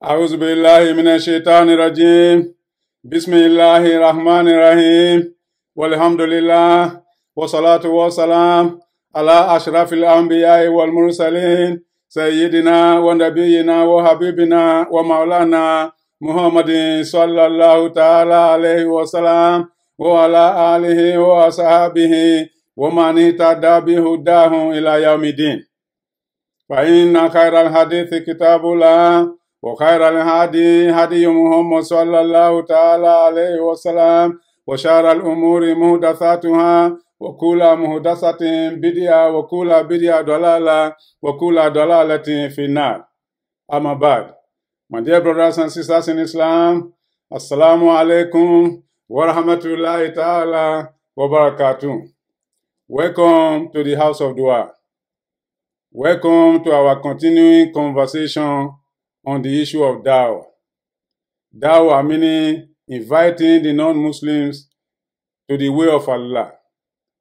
أعوذ بالله من الشيطان الرجيم بسم الله الرحمن الرحيم والحمد لله والصلاة والسلام على أشرف الأنبياء والمرسلين سيدنا ونبينا وحبيبنا ومولانا محمد صلى الله تعالى عليه وسلم وعلى آله وأصحابه ومن اهتدى بهداه إلى يوم الدين فإن خير الحديث كتاب الله وخير الهادي هدي محمد صلى الله تعالى عليه وسلم وشار الأمور مهدثاتها وكل مهدثة بدعة وكل بدعة ضلالة وكل ضلالة في النار أما بعد My dear brothers and sisters in Islam, Assalamu alaikum wa rahmatullahi ta'ala wa Welcome to the House of Dua. Welcome to our continuing conversation on the issue of dawah. Dawah meaning inviting the non-Muslims to the way of Allah,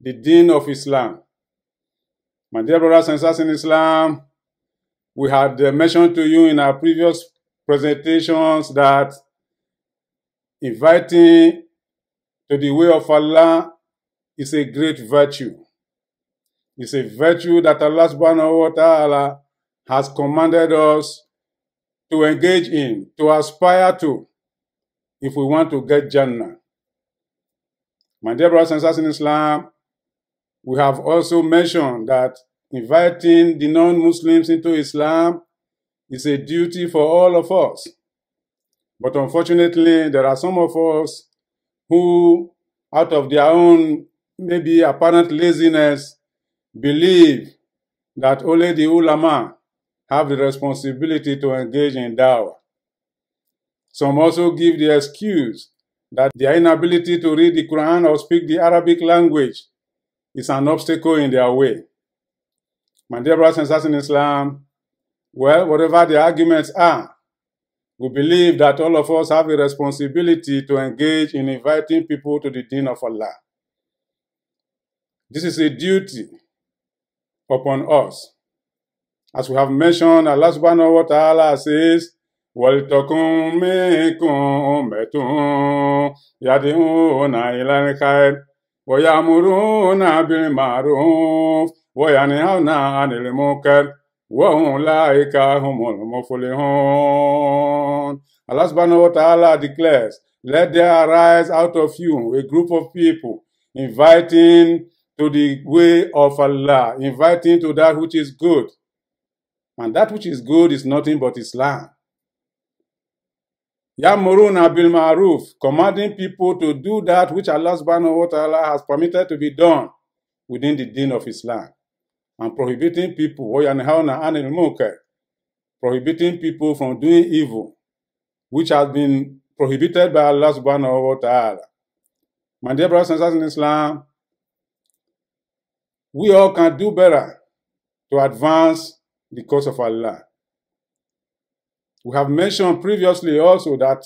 the deen of Islam. My dear brothers and sisters in Islam, we had uh, mentioned to you in our previous presentations that inviting to the way of Allah is a great virtue. It's a virtue that Allah subhanahu wa ta'ala has commanded us to engage in, to aspire to, if we want to get Jannah. My dear brothers and sisters in Islam, we have also mentioned that inviting the non-Muslims into Islam is a duty for all of us. But unfortunately, there are some of us who, out of their own maybe apparent laziness, believe that only the ulama have the responsibility to engage in dawah. Some also give the excuse that their inability to read the Quran or speak the Arabic language is an obstacle in their way. My dear brothers and sisters in Islam, well, whatever the arguments are, we believe that all of us have a responsibility to engage in inviting people to the deen of Allah. This is a duty upon us as we have mentioned, Allah subhanahu wa ta'ala says, وَلْتَكُنْ مِنْكُمْ أُمَّةٌ يَدْعُونَ إِلَى الْخَيْرِ وَيَأْمُرُونَ بِالْمَعْرُوفِ وَيَنْهَوْنَ عَنِ الْمُنكَرِ وَأُولَئِكَ هُمُ الْمُفْلِحُونَ Allah subhanahu wa ta'ala declares, Let there arise out of you a group of people inviting to the way of Allah, inviting to that which is good, And that which is good is nothing but Islam. Yamuruna bil ma'ruf, commanding people to do that which Allah subhanahu wa ta'ala has permitted to be done within the deen of Islam. And prohibiting people, wayanhauna anil munkar, prohibiting people from doing evil, which has been prohibited by Allah subhanahu wa ta'ala. My dear brothers and sisters in Islam, we all can do better to advance because of Allah. We have mentioned previously also that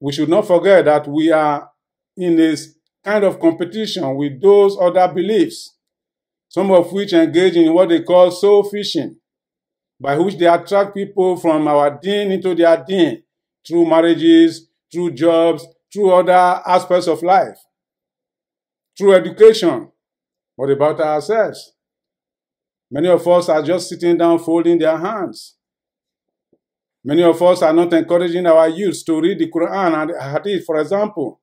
we should not forget that we are in a kind of competition with those other beliefs, some of which engage in what they call soul fishing, by which they attract people from our deen into their deen through marriages, through jobs, through other aspects of life, through education. What about ourselves? Many of us are just sitting down folding their hands. Many of us are not encouraging our youth to read the Quran and Hadith, for example.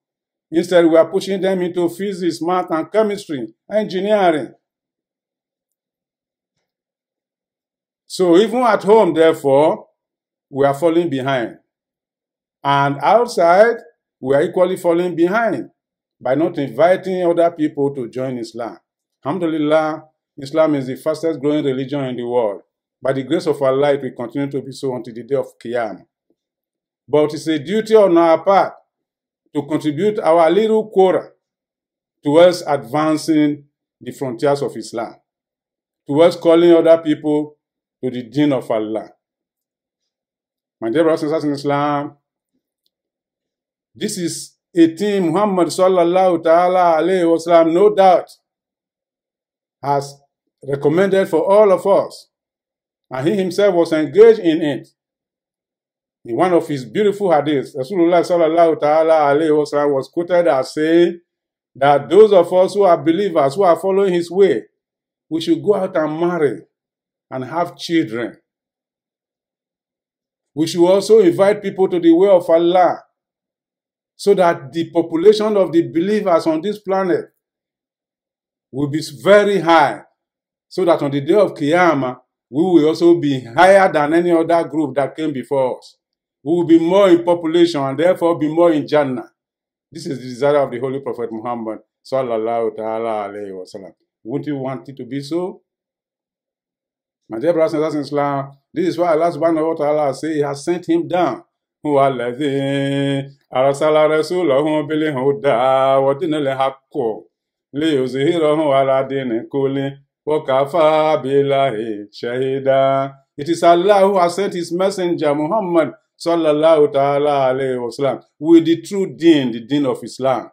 Instead, we are pushing them into physics, math, and chemistry, engineering. So, even at home, therefore, we are falling behind. And outside, we are equally falling behind by not inviting other people to join Islam. Alhamdulillah, Islam is the fastest growing religion in the world. By the grace of Allah, it will continue to be so until the day of Qiyam. But it's a duty on our part to contribute our little quota towards advancing the frontiers of Islam, towards calling other people to the deen of Allah. My dear brothers and sisters in Islam, this is a team Muhammad sallallahu ta'ala alayhi wasallam, no doubt, has recommended for all of us, and he himself was engaged in it. In one of his beautiful hadiths, Rasulullah sallallahu ta'ala alayhi wasallam was quoted as saying that those of us who are believers, who are following his way, we should go out and marry and have children. We should also invite people to the way of Allah so that the population of the believers on this planet will be very high so that on the day of Qiyamah, we will also be higher than any other group that came before us. We will be more in population and therefore be more in Jannah. This is the desire of the Holy Prophet Muhammad sallallahu ta'ala alayhi wa Wouldn't you want it to be so? My dear brothers and sisters in Islam, this is why Allah subhanahu wa ta'ala say he has sent him down. هو الذي أرسل رسوله بالهدى ودين الحق ليظهره على دين كله وَكَفَى بِاللَّهِ شَهِيدًا It is Allah who has sent His messenger Muhammad sallallahu ta'ala alayhi wasallam with the true deen, the deen of Islam.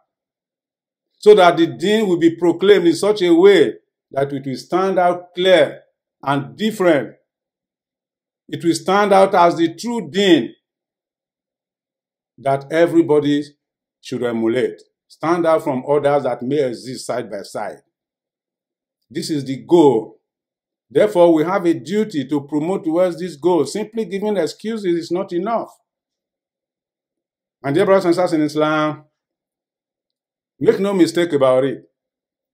So that the deen will be proclaimed in such a way that it will stand out clear and different. It will stand out as the true deen that everybody should emulate. Stand out from others that may exist side by side. This is the goal. Therefore, we have a duty to promote towards this goal. Simply giving excuses is not enough. And dear brothers and sisters in Islam, make no mistake about it.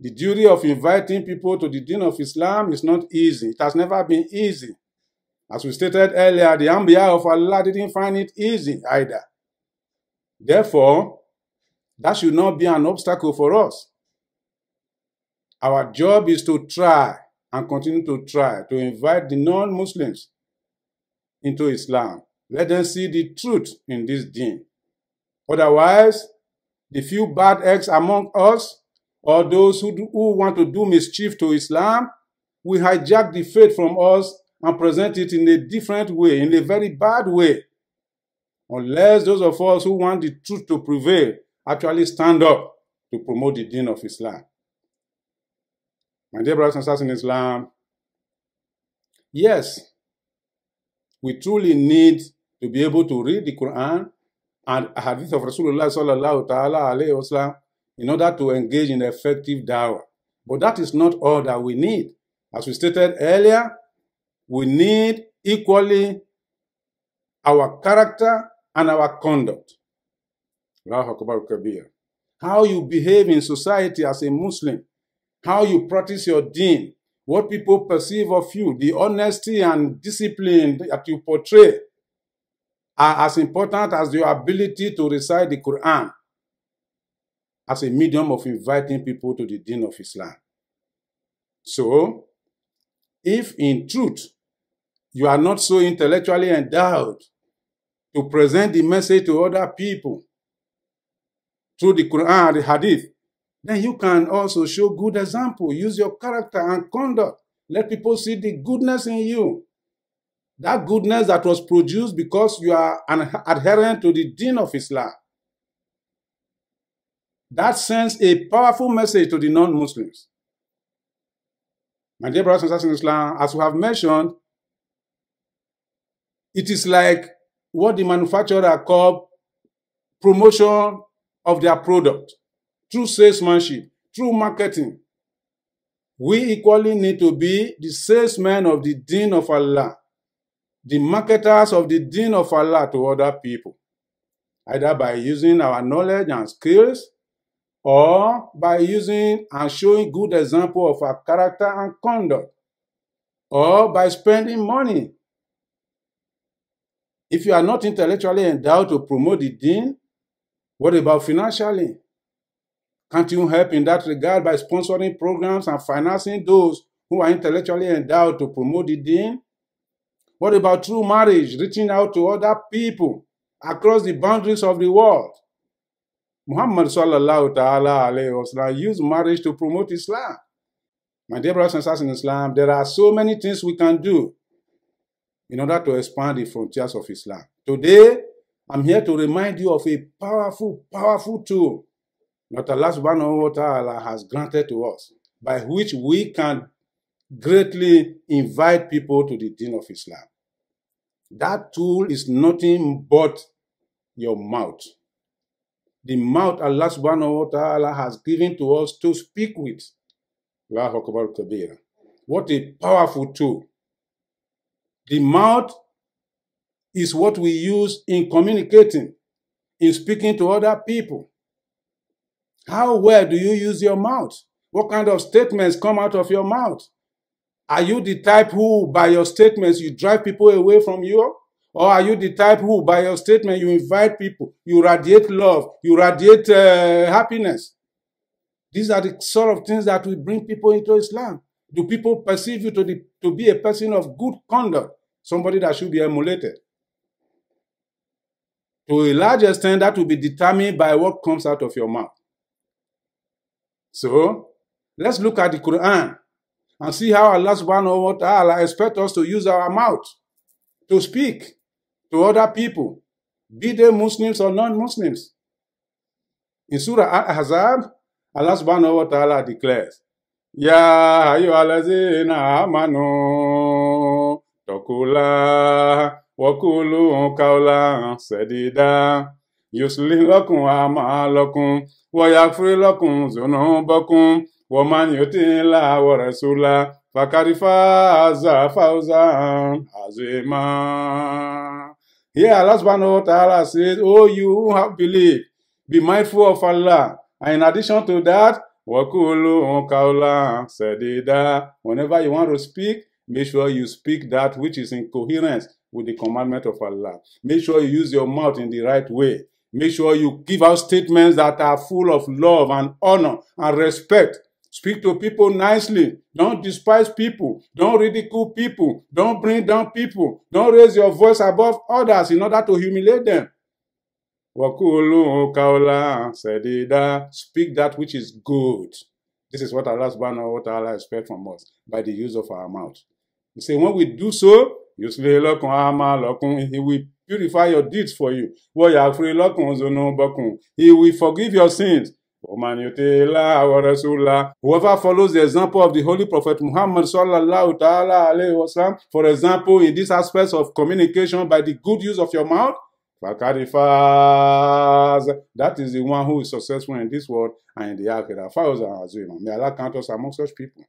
The duty of inviting people to the deen of Islam is not easy. It has never been easy. As we stated earlier, the Ambiya of Allah didn't find it easy either. Therefore, that should not be an obstacle for us. Our job is to try and continue to try to invite the non Muslims into Islam. Let them see the truth in this deen. Otherwise, the few bad eggs among us or those who, do, who want to do mischief to Islam will hijack the faith from us and present it in a different way, in a very bad way. Unless those of us who want the truth to prevail actually stand up to promote the deen of Islam. My dear brothers and sisters in Islam, yes, we truly need to be able to read the Quran and hadith of Rasulullah sallallahu ta'ala in order to engage in effective dawah. But that is not all that we need. As we stated earlier, we need equally our character and our conduct. How you behave in society as a Muslim how you practice your deen, what people perceive of you, the honesty and discipline that you portray are as important as your ability to recite the Quran as a medium of inviting people to the deen of Islam. So, if in truth you are not so intellectually endowed to present the message to other people through the Quran and the Hadith, then you can also show good example. Use your character and conduct. Let people see the goodness in you. That goodness that was produced because you are an adherent to the deen of Islam. That sends a powerful message to the non Muslims. My dear brothers and sisters in Islam, as we have mentioned, it is like what the manufacturer called promotion of their product through salesmanship, through marketing. We equally need to be the salesmen of the deen of Allah, the marketers of the deen of Allah to other people, either by using our knowledge and skills or by using and showing good example of our character and conduct or by spending money. If you are not intellectually endowed to promote the deen, what about financially? Can't you help in that regard by sponsoring programs and financing those who are intellectually endowed to promote the deen? What about true marriage, reaching out to other people across the boundaries of the world? Muhammad sallallahu ta'ala alayhi wasallam used marriage to promote Islam. My dear brothers and sisters in Islam, there are so many things we can do in order to expand the frontiers of Islam. Today, I'm here to remind you of a powerful, powerful tool that Allah subhanahu wa ta'ala has granted to us, by which we can greatly invite people to the deen of Islam. That tool is nothing but your mouth. The mouth Allah subhanahu wa ta'ala has given to us to speak with. Allahu Akbar What a powerful tool. The mouth is what we use in communicating, in speaking to other people. How well do you use your mouth? What kind of statements come out of your mouth? Are you the type who, by your statements, you drive people away from you? Or are you the type who, by your statement, you invite people, you radiate love, you radiate uh, happiness? These are the sort of things that will bring people into Islam. Do people perceive you to, the, to be a person of good conduct, somebody that should be emulated? To a large extent, that will be determined by what comes out of your mouth. So let's look at the Quran and see how Allah subhanahu wa ta'ala expects us to use our mouth to speak to other people, be they Muslims or non-Muslims. In Surah al Ahzab, Allah subhanahu wa ta'ala declares, Ya ayyuhalazina amanu taqullaha wa qulu qawlan sadida يصلح لكم أعمالكم ويغفر لكم ذنوبكم ومن la الله ورسوله فقد فاز فوزا عظيما Here Allah subhanahu wa ta'ala says, Oh you who have believed, be mindful of Allah. And in addition to that, wakulu kaula sadida. Whenever you want to speak, make sure you speak that which is in coherence with the commandment of Allah. Make sure you use your mouth in the right way. Make sure you give out statements that are full of love and honor and respect. Speak to people nicely. Don't despise people. Don't ridicule people. Don't bring down people. Don't raise your voice above others in order to humiliate them. Wakulu kaula sedida. Speak that which is good. This is what Allah subhanahu wa ta'ala expects from us by the use of our mouth. He say, when we do so, yusle lokun he will purify your deeds for you. Wọ́n yà fún ilọ́kùn ọ̀zọ́nà bọ́kùn. He will forgive your sins. Whoever follows the example of the Holy Prophet Muhammad sallallahu ta'ala alayhi wasallam, for example, in this aspect of communication by the good use of your mouth, Fakarifaz. That is the one who is successful in this world and in the Akhirah. May Allah count us among such people.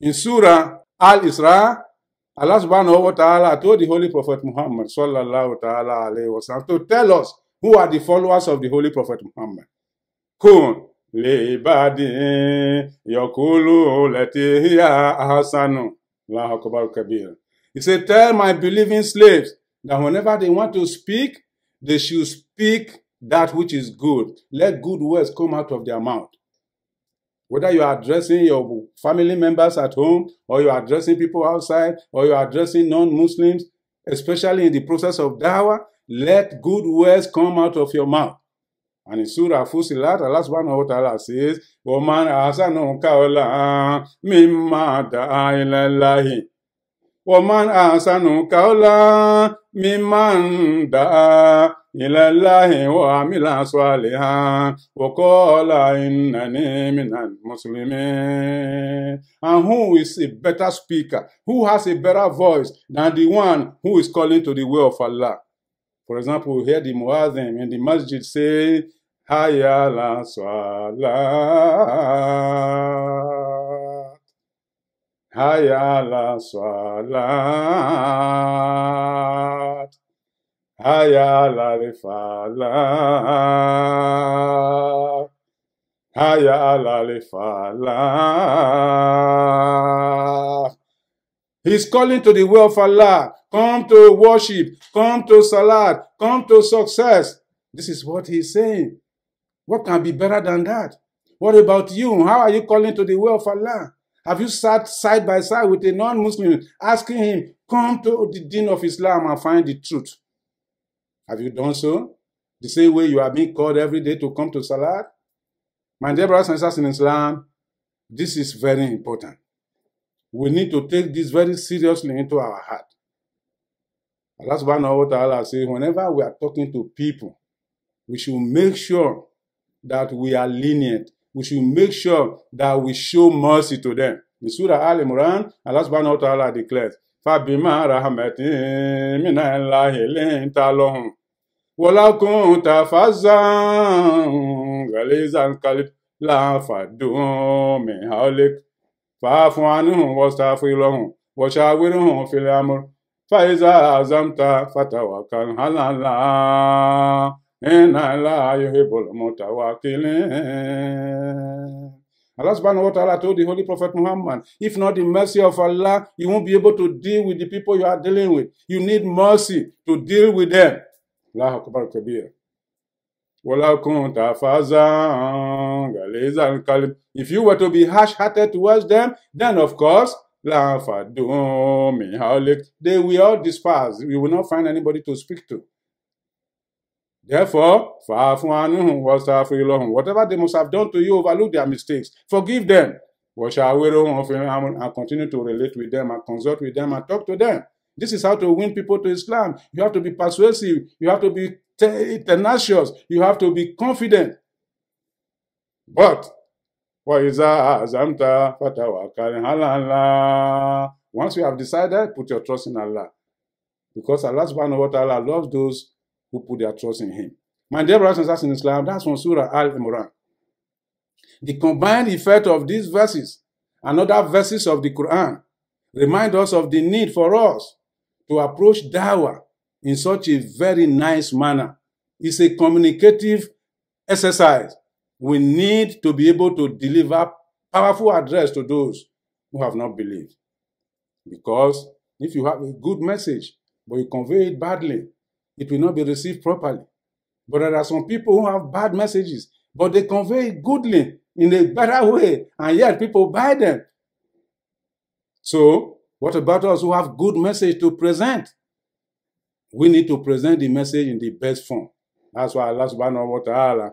In Surah Al-Isra, Allah subhanahu wa ta'ala told the Holy Prophet Muhammad sallallahu ta'ala alayhi wa sallam to tell us who are the followers of the Holy Prophet Muhammad. Kun li ibadi yakulu lati ahsanu. Allahu akbar kabir. He said, tell my believing slaves that whenever they want to speak, they should speak that which is good. Let good words come out of their mouth. Whether you are addressing your family members at home, or you are addressing people outside, or you are addressing non Muslims, especially in the process of dawah, let good words come out of your mouth. And in Surah Fusilat, Allah subhanahu wa ta'ala says, وَمَنْ أَحْسَنُ قَوْلًا مِمَّا دَعَا إِلَى O man, أَحْسَنُ قَوْلًا mimma دَعَا إلى الله وعمل صالحا وقال إنني من المسلمين. And who is a better speaker? Who has a better voice than the one who is calling to the way of Allah? For example, we hear the Muazzin in the masjid say, Hayala Salah. Hayala Salah. היה לה לפעלה, היה לה לפעלה. He's calling to the way of Allah. Come to worship. Come to salat. Come to success. This is what he's saying. What can be better than that? What about you? How are you calling to the way of Allah? Have you sat side by side with a non-Muslim asking him, come to the deen of Islam and find the truth? Have you done so? The same way you are being called every day to come to Salah? My dear brothers and sisters in Islam, this is very important. We need to take this very seriously into our heart. Allah subhanahu wa ta'ala says, whenever we are talking to people, we should make sure that we are lenient. We should make sure that we show mercy to them. In Surah Al Imran, Allah subhanahu wa ta'ala declares, فَبِمَا رَحْمَةٍ مِنَ اللَّهِ لِنْتَ ولو كنت فظا غليظ القلب لانفضوا من حولك فاعف عنهم واستغفر لهم وشاورهم في الأمر فإذا عزمت فتوكل على الله إن الله يحب المتوكلين Allah subhanahu wa ta'ala told the Holy Prophet Muhammad, if not the mercy of Allah, you won't be able to deal with the people you are dealing with. You need mercy to deal with them. الله أكبر كبيرا ولو كنت غليظ القلب if you were to be harsh-hearted towards them then of course they will all disperse you will not find anybody to speak to therefore far from anuhun wasaafiri lohun whatever they must have done to you overlook their mistakes forgive them washawero and continue to relate with them and consult with them and talk to them This is how to win people to Islam. You have to be persuasive. You have to be tenacious. You have to be confident. But, once you have decided, put your trust in Allah. Because Allah subhanahu wa ta'ala loves those who put their trust in Him. My dear brothers and sisters in Islam, that's from Surah Al Imran. The combined effect of these verses and other verses of the Quran remind us of the need for us to approach dawah in such a very nice manner. is a communicative exercise. We need to be able to deliver powerful address to those who have not believed. Because if you have a good message, but you convey it badly, it will not be received properly. But there are some people who have bad messages, but they convey it goodly in a better way, and yet people buy them. So What about us who have good message to present? We need to present the message in the best form. That's why Allah subhanahu wa ta'ala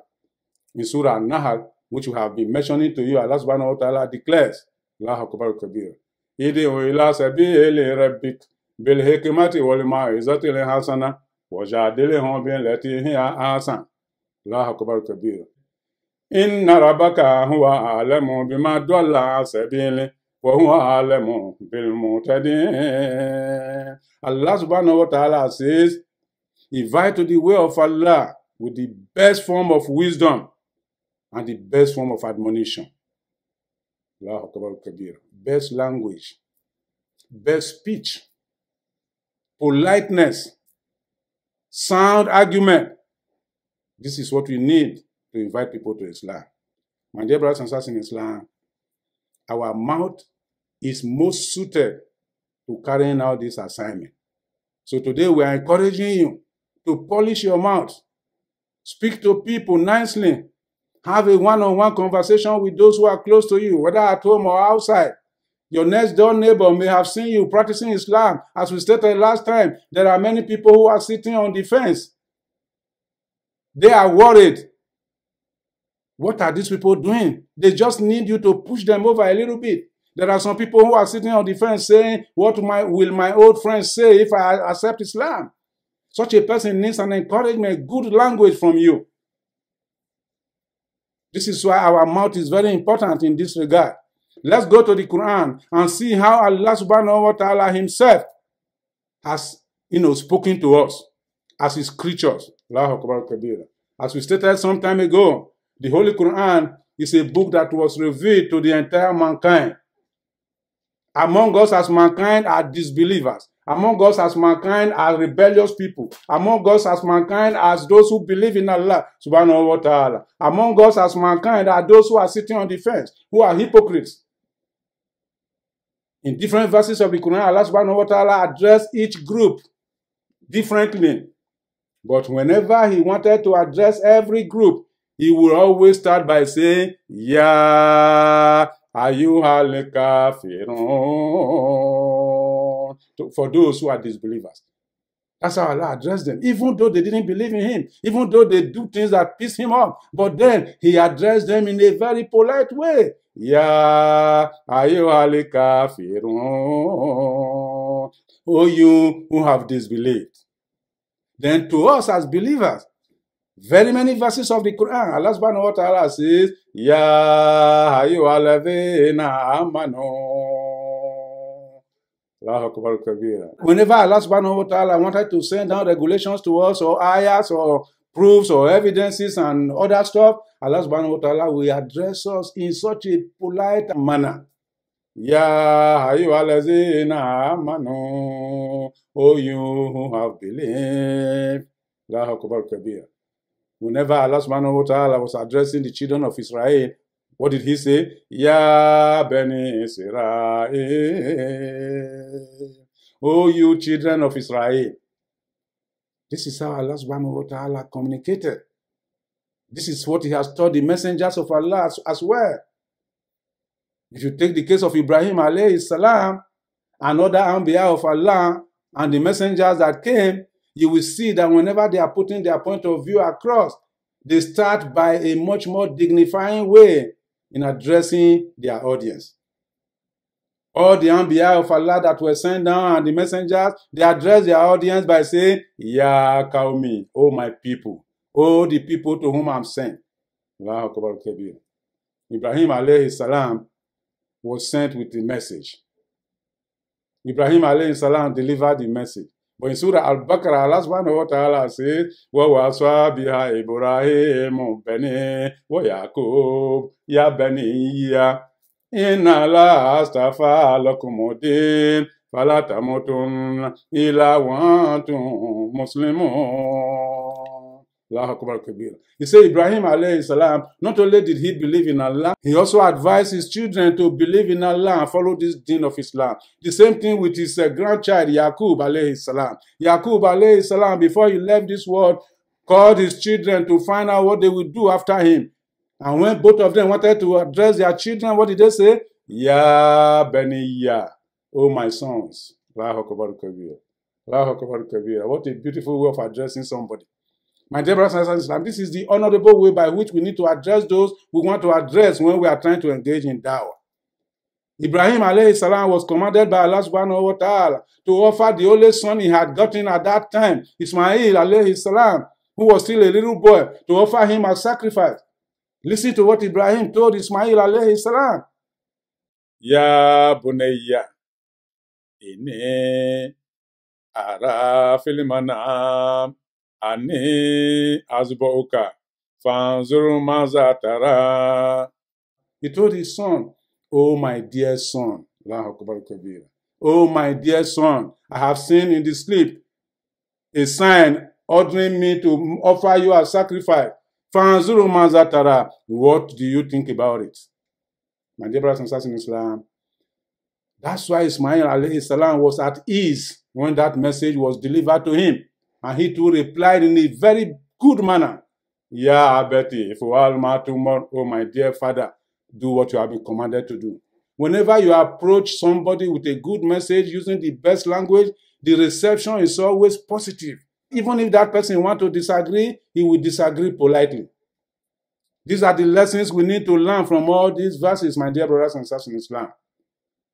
in Surah Nahal, which we have been mentioning to you, Allah subhanahu wa ta'ala declares, La Akbar Kabir. Idihu ila sabili rabbik bil hikmati wal ma'izati li hasana wa jadilihum bil lati hiya asan. La Akbar Kabir. Inna rabbaka huwa alamu bima dalla sabili وهو أعلم بالمعتدين. Allah subhanahu wa ta'ala says, invite to the way of Allah with the best form of wisdom and the best form of admonition. Allahu Akbar Kabir. Best language, best speech, politeness, sound argument. This is what we need to invite people to Islam. My dear brothers and sisters in Islam, our mouth is most suited to carrying out this assignment. So today we are encouraging you to polish your mouth, speak to people nicely, have a one-on-one conversation with those who are close to you, whether at home or outside. Your next door neighbor may have seen you practicing Islam. As we stated last time, there are many people who are sitting on the fence. They are worried. What are these people doing? They just need you to push them over a little bit. There are some people who are sitting on the fence saying, What my, will my old friends say if I accept Islam? Such a person needs an encouragement, good language from you. This is why our mouth is very important in this regard. Let's go to the Quran and see how Allah subhanahu wa ta'ala himself has you know spoken to us as his creatures. As we stated some time ago, the Holy Quran is a book that was revealed to the entire mankind. Among us as mankind are disbelievers. Among us as mankind are rebellious people. Among us as mankind as those who believe in Allah subhanahu wa ta'ala. Among us as mankind are those who are sitting on the fence, who are hypocrites. In different verses of the Quran, Allah subhanahu wa ta'ala addressed each group differently. But whenever he wanted to address every group, he would always start by saying, Ya Ayuha lekafirun. For those who are disbelievers. That's how Allah addressed them. Even though they didn't believe in him, even though they do things that piss him off, but then he addressed them in a very polite way. Ya ayuha lekafirun. Oh, you who have disbelieved. Then to us as believers, Very many verses of the Quran, Allah subhanahu wa ta'ala says, Ya ayyuhalladhina amanu. Whenever Allah subhanahu wa ta'ala wanted to send down regulations to us or ayahs or proofs or evidences and other stuff, Allah subhanahu wa ta'ala will address us in such a polite manner. Ya ayyuhalladhina amanu. Oh, you who have believed. La Akbar Kabir. Whenever Allah subhanahu wa ta'ala was addressing the children of Israel, what did he say? Ya Beni Israel. Oh, you children of Israel. This is how Allah subhanahu wa ta'ala communicated. This is what he has taught the messengers of Allah as, as well. If you take the case of Ibrahim alayhi salam, and other on of Allah and the messengers that came, you will see that whenever they are putting their point of view across, they start by a much more dignifying way in addressing their audience. All the Anbiya of Allah that were sent down and the messengers, they address their audience by saying, Ya Kaumi, O my people, O the people to whom I'm sent. Ibrahim alayhi salam was sent with the message. Ibrahim alayhi salam delivered the message. But in Surah Al-Baqarah, Allah subhanahu wa ta'ala says, وَوَصَى بِهَا إِبْرَاهِيمُ بَنِيهِ وَيَعْقُوبُ يَا بَنِيَّ إِنَّ اللَّهَ اصْطَفَى لَكُمُ الدِّينَ فَلَا تَمُوتُنَّ إِلَّا وَأَنْتُمْ مُسْلِمُونَ Allah Akbar Kabir. He said Ibrahim alayhi salam, not only did he believe in Allah, he also advised his children to believe in Allah and follow this deen of Islam. The same thing with his uh, grandchild Yaqub alayhi salam. Yaqub alayhi salam, before he left this world, called his children to find out what they would do after him. And when both of them wanted to address their children, what did they say? Ya ya, oh my sons. Allahu Akbar Kabir. Allahu Akbar Kabir. What a beautiful way of addressing somebody. My dear brothers and sisters, this is the honorable way by which we need to address those we want to address when we are trying to engage in dawah. Ibrahim alayhi salam was commanded by Allah subhanahu wa ta'ala to offer the only son he had gotten at that time, Ismail alayhi salam, who was still a little boy, to offer him as sacrifice. Listen to what Ibrahim told Ismail alayhi salam. Ya bunayya ini ara fil manam ani azbouka fanzuru Tara. He told his son, Oh, my dear son, Oh, my dear son, I have seen in the sleep a sign ordering me to offer you a sacrifice. Fanzuru Tara, What do you think about it? My dear brothers and sisters in Islam, that's why Ismail alayhi salam was at ease when that message was delivered to him. And he too replied in a very good manner. Yeah, Betty, if you my tomorrow, oh my dear father, do what you have been commanded to do. Whenever you approach somebody with a good message using the best language, the reception is always positive. Even if that person wants to disagree, he will disagree politely. These are the lessons we need to learn from all these verses, my dear brothers and sisters in Islam.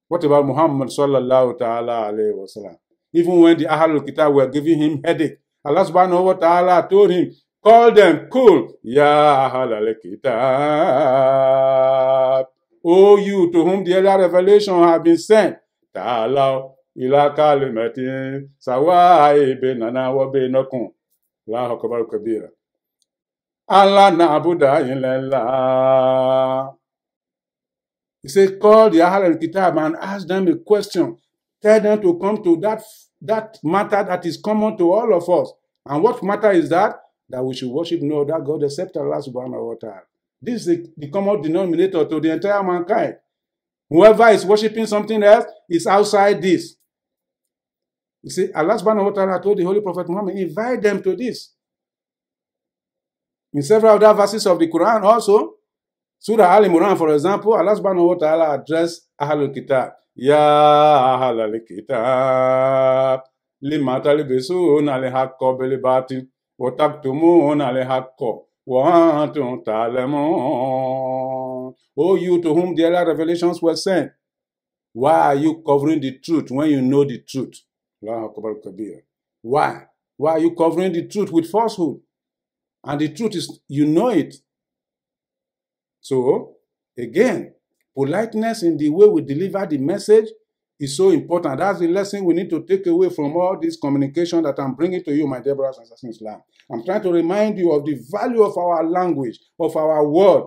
What about Muhammad sallallahu ta'ala alayhi wa sallam? Even when the Ahlul Kitab were giving him headache, Allah subhanahu wa ta'ala told him, Call them, cool, Ya halal Kitab. O you to whom the earlier revelation has been sent, Ta'alaw ila kalimatin sawai benana wa benakum. Allahu Akbar kabira. Allah na na'budu illallah. He said, call the Ahlul Kitab and ask them a question. Tell them to come to that that matter that is common to all of us. And what matter is that? That we should worship no other God except Allah subhanahu wa ta'ala. This is the, the common denominator to the entire mankind. Whoever is worshiping something else is outside this. You see, Allah subhanahu wa ta'ala told the Holy Prophet Muhammad, invite them to this. In several other verses of the Quran also, Surah Al Imran, for example, Allah subhanahu wa ta'ala addressed Ahlul Kitab. يا أهل الكتاب لما تلبسون الحق بالباطل وتكتمون الحق وأنتم تعلمون O you to whom the earlier revelations were sent, why are you covering the truth when you know the truth? Why? Why are you covering the truth with falsehood? And the truth is, you know it. So, again, Politeness in the way we deliver the message is so important. That's the lesson we need to take away from all this communication that I'm bringing to you, my dear brothers and sisters in Islam. I'm trying to remind you of the value of our language, of our word,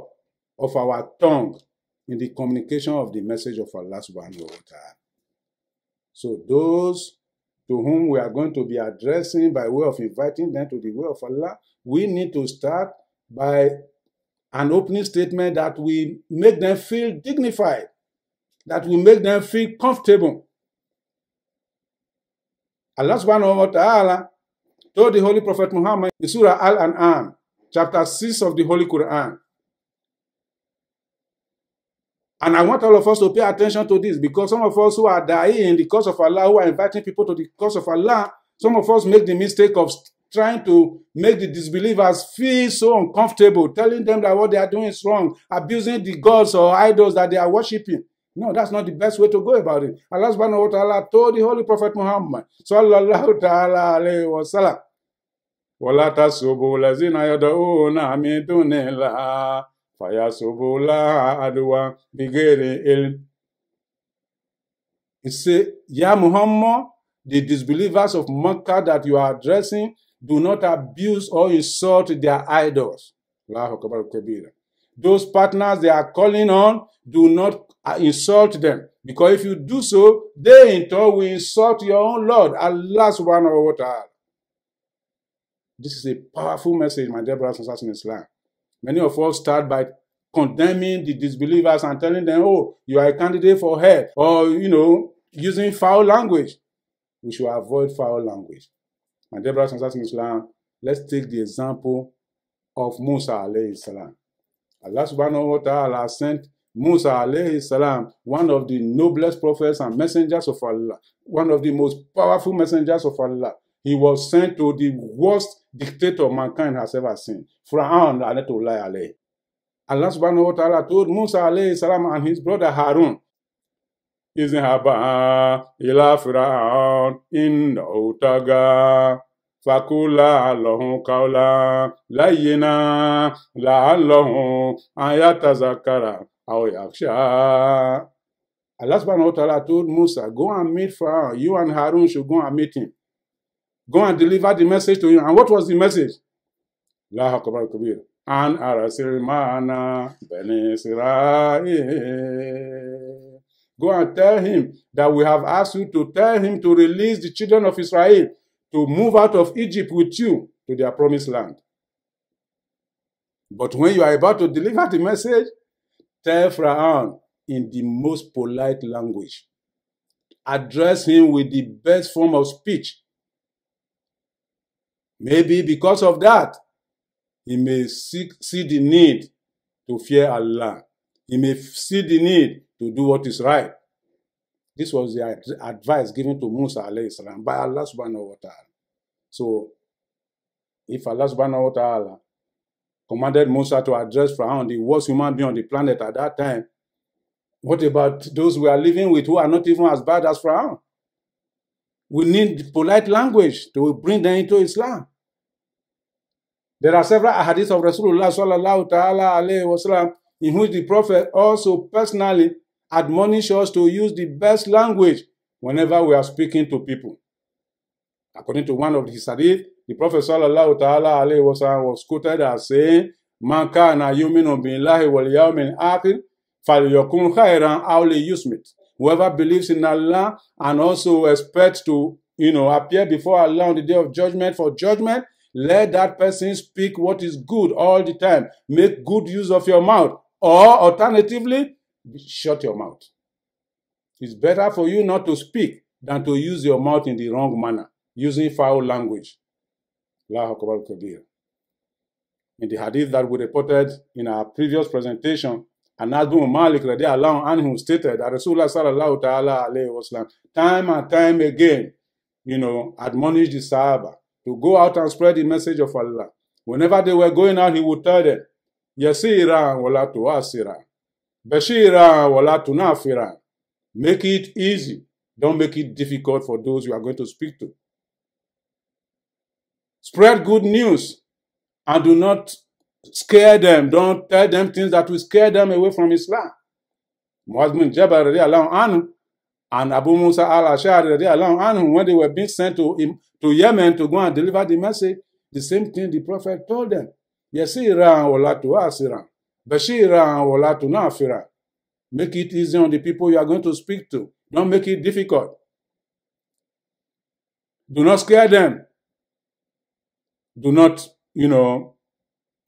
of our tongue in the communication of the message of Allah subhanahu wa ta'ala. So those to whom we are going to be addressing by way of inviting them to the way of Allah, we need to start by an opening statement that will make them feel dignified, that will make them feel comfortable. Allah subhanahu wa ta'ala told the Holy Prophet Muhammad in Surah Al An'am, chapter 6 of the Holy Quran. And I want all of us to pay attention to this because some of us who are dying in the cause of Allah, who are inviting people to the cause of Allah, some of us make the mistake of trying to make the disbelievers feel so uncomfortable, telling them that what they are doing is wrong, abusing the gods or idols that they are worshiping. No, that's not the best way to go about it. Allah subhanahu wa ta'ala told the Holy Prophet Muhammad, sallallahu ta'ala alayhi wa sallam, وَلَا تَسُبُوا الَّذِينَ يَدْعُونَ مِن دُونِ اللَّهِ فَيَسُبُوا اللَّهَ عَدْوًا بِغَيْرِ عِلْمٍ He said, Ya Muhammad, the disbelievers of Makkah that you are addressing, Do not abuse or insult their idols. Those partners they are calling on, do not uh, insult them. Because if you do so, they in turn will insult your own Lord, Allah One wa ta'ala. This is a powerful message, my dear brothers and sisters in Islam. Many of us start by condemning the disbelievers and telling them, oh, you are a candidate for hell, or, you know, using foul language. We should avoid foul language. My dear brothers and sisters in Islam, let's take the example of Musa alayhi salam. Allah subhanahu wa ta'ala sent Musa alayhi salam, one of the noblest prophets and messengers of Allah, one of the most powerful messengers of Allah. He was sent to the worst dictator mankind has ever seen, Fir'aun alayhi Allah subhanahu wa ta'ala told Musa alayhi salam and his brother Harun اذهبا إلى فرعون إنه طغى فقولا له قولا la لعله أن يتذكر أو يخشى Allah subhanahu wa ta'ala told Musa, Go and meet Pharaoh. You and Harun should go and meet him. Go and deliver the message to him. And what was the message? La Akbar An Arasir Mana Israel. Go and tell him that we have asked you to tell him to release the children of Israel to move out of Egypt with you to their promised land. But when you are about to deliver the message, tell Pharaoh in the most polite language. Address him with the best form of speech. Maybe because of that, he may see, see the need to fear Allah. He may see the need to do what is right. This was the ad- advice given to Musa alayhi salam by Allah subhanahu wa ta'ala. So if Allah subhanahu wa ta'ala commanded Musa to address Pharaoh, the worst human being on the planet at that time, what about those we are living with who are not even as bad as Pharaoh? We need polite language to bring them into Islam. There are several hadiths of Rasulullah sallallahu ta'ala alayhi wasallam in which the Prophet also personally admonish us to use the best language whenever we are speaking to people. According to one of his hadith, the Prophet sallallahu ta'ala wasallam was quoted as saying, Man kana yuminu billahi wal yawmin akhir falyakun khairan aw liyusmit. Whoever believes in Allah and also expects to, you know, appear before Allah on the day of judgment for judgment, let that person speak what is good all the time. Make good use of your mouth. Or alternatively, shut your mouth. It's better for you not to speak than to use your mouth in the wrong manner, using foul language. In the hadith that we reported in our previous presentation, Anas bin Malik radiallahu anhu stated that Rasulullah sallallahu ta'ala alayhi wasallam time and time again, you know, admonished the Sahaba to go out and spread the message of Allah. Whenever they were going out, he would tell them, Yasira wala tuasira. Bashira wala tunafira. Make it easy. Don't make it difficult for those you are going to speak to. Spread good news and do not scare them. Don't tell them things that will scare them away from Islam. Muaz bin Jabal anhu and Abu Musa al-Ash'ari anhu, when they were being sent to, him, to Yemen to go and deliver the message, the same thing the Prophet told them. Yasiran wala tuasiran. But she ran Bashir Anwola to not Afira. Make it easy on the people you are going to speak to. Don't make it difficult. Do not scare them. Do not, you know,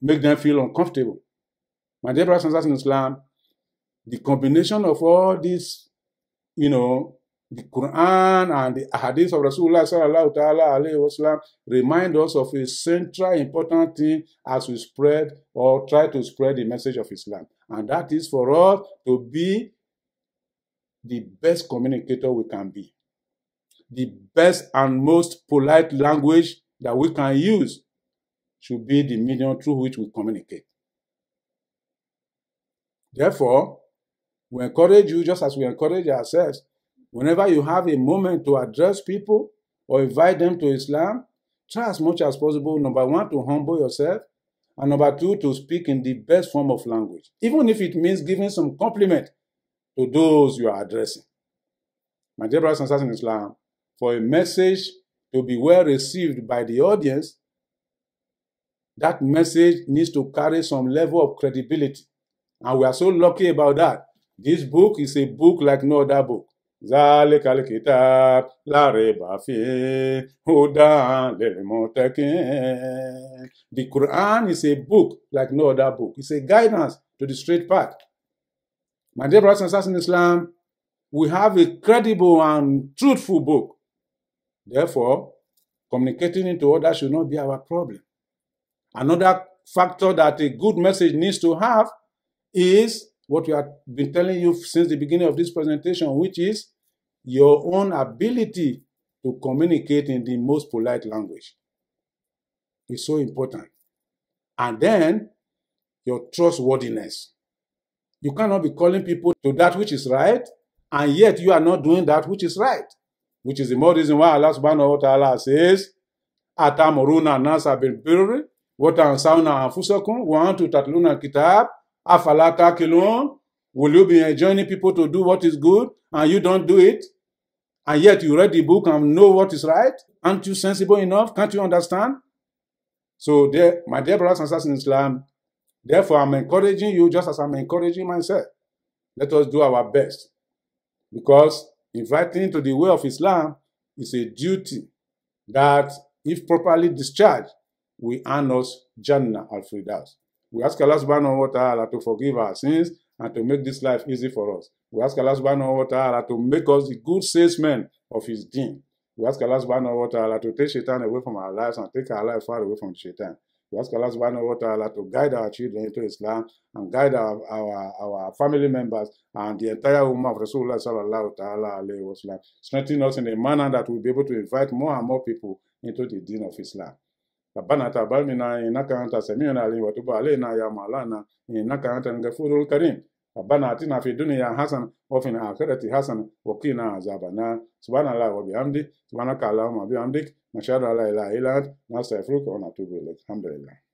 make them feel uncomfortable. My dear brothers and sisters in Islam, the combination of all these, you know, The Quran and the Hadith of Rasulullah sallallahu ta'ala alayhi wasallam remind us of a central important thing as we spread or try to spread the message of Islam. And that is for us to be the best communicator we can be. The best and most polite language that we can use should be the medium through which we communicate. Therefore, we encourage you just as we encourage ourselves Whenever you have a moment to address people or invite them to Islam, try as much as possible, number one, to humble yourself, and number two, to speak in the best form of language, even if it means giving some compliment to those you are addressing. My dear brothers and sisters in Islam, for a message to be well received by the audience, that message needs to carry some level of credibility. And we are so lucky about that. This book is a book like no other book. ذلك الكتاب لا ريب The Quran is a book like no other book. It's a guidance to the straight path. My dear brothers and sisters in Islam, we have a credible and truthful book. Therefore, communicating it to others should not be our problem. Another factor that a good message needs to have is what we have been telling you since the beginning of this presentation, which is your own ability to communicate in the most polite language is so important. And then your trustworthiness. You cannot be calling people to that which is right, and yet you are not doing that which is right, which is the more reason why Allah subhanahu wa ta'ala says, Atamuruna nasa bin birri, wata ansauna anfusakum, wa antu tatluna kitab, Afalaka kilon. Will you be enjoining people to do what is good and you don't do it? And yet you read the book and know what is right? Aren't you sensible enough? Can't you understand? So, there, my dear brothers and sisters in Islam, therefore I'm encouraging you just as I'm encouraging myself. Let us do our best. Because inviting to the way of Islam is a duty that, if properly discharged, will earn us Jannah al-Firdaus. We ask Allah subhanahu wa ta'ala to forgive our sins and to make this life easy for us. We ask Allah subhanahu wa ta'ala to make us the good salesmen of his deen. We ask Allah subhanahu wa ta'ala to take shaitan away from our lives and take our life far away from shaitan. We ask Allah subhanahu wa ta'ala to guide our children into Islam and guide our, our, our family members and the entire Ummah of Rasulullah sallallahu ta'ala alayhi wa sallam. Strengthen us in a manner that we'll be able to invite more and more people into the deen of Islam. ربنا تقبل انك انت السميع العليم وتب علينا يا مولانا انك انت الغفور الكريم ربنا اتنا في الدنيا حسنه وفي الاخره حسنه وقنا عذاب النار سبحان الله وبحمده سبحانك اللهم وبحمدك نشهد ان لا اله الا انت نستغفرك ونتوب اليك الحمد لله